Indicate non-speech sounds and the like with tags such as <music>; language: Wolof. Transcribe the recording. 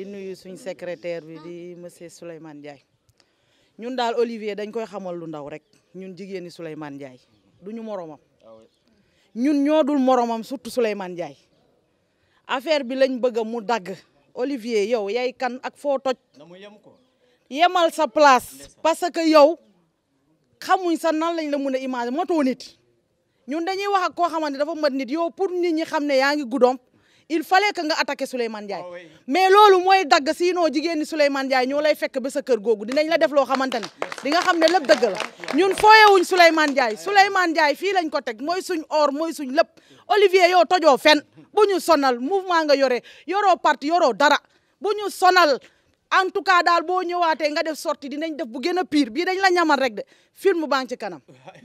di nuyu suñ secrétaire bi di monsieur Souleymane Ndiaye ñun daal Olivier dañ koy xamal lu ndaw rek ñun jigéen ñi Souleymane Ndiaye du ñu moromam ah ñun ñoo dul moromam surtout Souleymane Ndiaye affaire bi lañ bëgg mu dagg Olivier yow yaay kan ak foo toj yemal sa place parce que yow xamuñ sa nan lañ la mun a imaginer matoo nit ñun dañuy wax ak koo dafa mat nit yow pour nit ñi xam ne yaa ngi guddoom il fallait que nga attaqué Souleymane Ndiaye oh mais loolu moy dag sino jigen ñi Souleymane Ndiaye ñoo lay fekk ba sa kër gogou dinañ la def lo xamantani di nga xamné lepp deug la ñun fooyewuñ Souleymane Ndiaye Souleymane Ndiaye fi lañ ko tek moy suñ or moy suñ lepp Olivier yow tojo fen buñu sonal mouvement nga yoré yoro parti yoro dara buñu sonal en tout cas dal bo ñëwaaté nga def sortie dinañ def bu gën pire bi dañ la ñamal rek de film baa ci kanam <laughs>